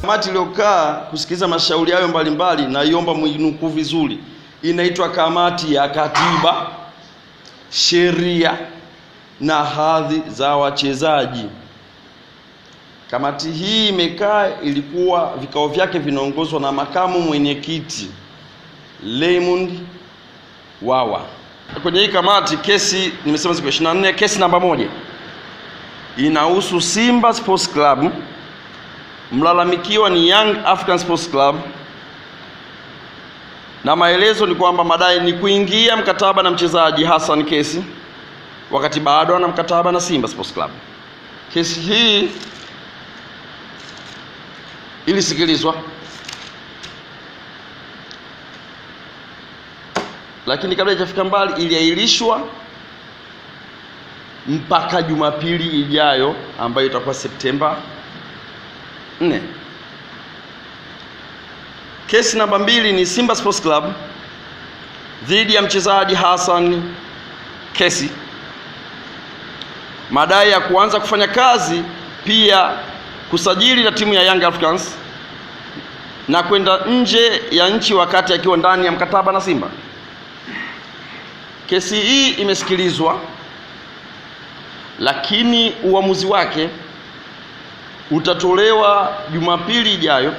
Kamati iliyokaa kusikiliza mashauri hayo mbalimbali, naiomba mwinuku vizuri, inaitwa Kamati ya Katiba, Sheria na Hadhi za Wachezaji. Kamati hii imekaa, ilikuwa vikao vyake vinaongozwa na makamu mwenyekiti Raymond Wawa. Kwenye hii kamati kesi nimesema ziko 24. Kesi namba moja inahusu Simba Sports Club mlalamikiwa ni Young African Sports Club na maelezo ni kwamba madai ni kuingia mkataba na mchezaji Hassan Kesi wakati bado ana mkataba na Simba Sports Club. Kesi hii ilisikilizwa, lakini kabla haijafika mbali iliahirishwa mpaka Jumapili ijayo ambayo itakuwa Septemba nne. Kesi namba mbili ni Simba Sports Club dhidi ya mchezaji Hassan Kesi, madai ya kuanza kufanya kazi pia kusajili na timu ya Young Africans na kwenda nje ya nchi wakati akiwa ndani ya mkataba na Simba. Kesi hii imesikilizwa, lakini uamuzi wake utatolewa Jumapili ijayo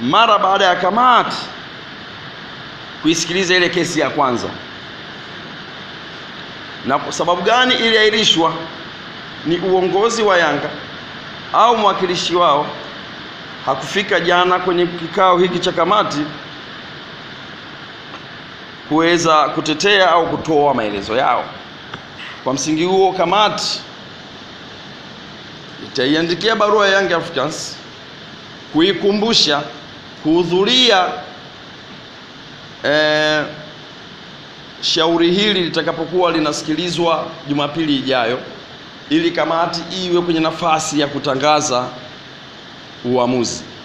mara baada ya kamati kuisikiliza ile kesi ya kwanza. Na kwa sababu gani iliahirishwa? Ni uongozi wa Yanga au mwakilishi wao hakufika jana kwenye kikao hiki cha kamati kuweza kutetea au kutoa maelezo yao. Kwa msingi huo kamati itaiandikia barua ya Young Africans kuikumbusha kuhudhuria eh, shauri hili litakapokuwa linasikilizwa Jumapili ijayo ili kamati iwe kwenye nafasi ya kutangaza uamuzi.